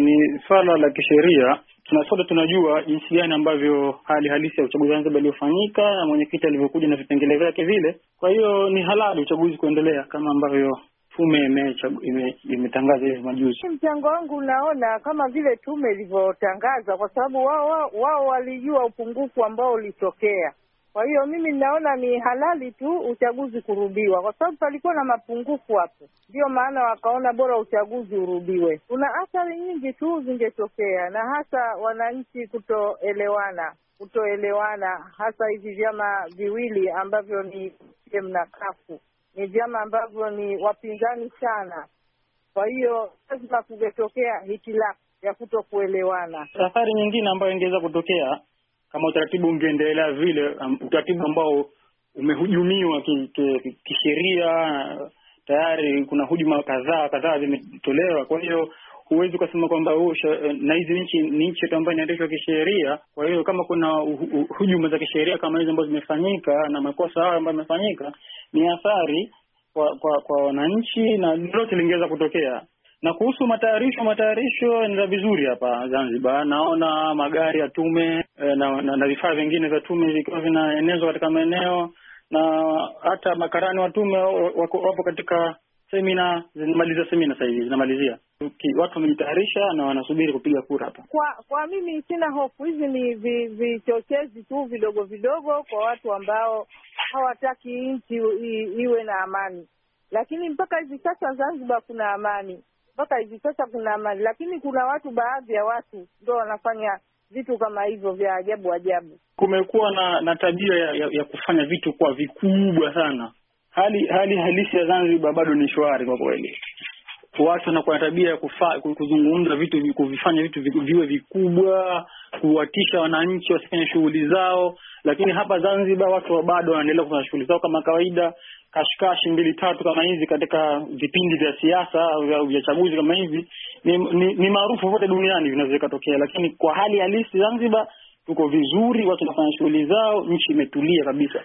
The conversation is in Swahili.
Ni swala la kisheria. Tuna sote tunajua jinsi gani ambavyo hali halisi ya uchaguzi wa Zanzibar iliyofanyika na mwenyekiti alivyokuja na vipengele vyake vile. Kwa hiyo ni halali uchaguzi kuendelea kama ambavyo tume imetangaza ime, hivi majuzi. Mchango wangu unaona kama vile tume ilivyotangaza, kwa sababu wao wao walijua upungufu ambao ulitokea kwa hiyo mimi ninaona ni halali tu uchaguzi kurudiwa, kwa sababu palikuwa na mapungufu hapo, ndiyo maana wakaona bora uchaguzi urudiwe. Kuna athari nyingi tu zingetokea, na hasa wananchi kutoelewana, kutoelewana hasa hivi vyama viwili ambavyo ni CCM na CUF ni vyama ambavyo ni wapinzani sana. Kwa hiyo lazima kungetokea hitilafu ya kutokuelewana. Athari nyingine ambayo ingeweza kutokea kama utaratibu ungeendelea vile, um, utaratibu ambao umehujumiwa kisheria ki, tayari kuna hujuma kadhaa kadhaa zimetolewa. Kwa hiyo huwezi ukasema kwamba oh, na hizi nchi ni nchi yetu ambayo inaendeshwa kisheria. Kwa hiyo kama kuna hujuma za kisheria kama hizo ambazo zimefanyika na makosa hayo ambayo yamefanyika, ni athari kwa kwa wananchi na lolote lingeweza kutokea. Na kuhusu matayarisho, matayarisho yanaenda vizuri hapa Zanzibar. Naona magari ya tume eh, na, na, na vifaa vingine vya tume vikiwa vinaenezwa katika maeneo na hata makarani wa tume wapo katika semina, zinamaliza semina sasa hivi zinamalizia. Watu wamejitayarisha na wanasubiri kupiga kura hapa. Kwa kwa mimi sina hofu, hizi ni vichochezi tu vidogo vidogo kwa watu ambao hawataki nchi iwe na amani, lakini mpaka hivi sasa Zanzibar kuna amani mpaka hivi sasa kuna amani, lakini kuna watu, baadhi ya watu ndo wanafanya vitu kama hivyo vya ajabu ajabu. Kumekuwa na na tabia ya, ya, ya kufanya vitu kwa vikubwa sana. Hali hali halisi ya Zanzibar bado ni shwari kwa kweli watu wanakuwa na tabia ya kuzungumza vitu, kuvifanya vitu viwe vikubwa, kuwatisha wananchi wasifanye shughuli zao. Lakini hapa Zanzibar watu bado wanaendelea kufanya shughuli zao kama kawaida, kashikashi mbili tatu kama hizi katika vipindi vya siasa vya chaguzi kama hivi, ni, ni, ni maarufu pote duniani, vinaweza vikatokea. Lakini kwa hali halisi Zanzibar tuko vizuri, watu wanafanya shughuli zao, nchi imetulia kabisa.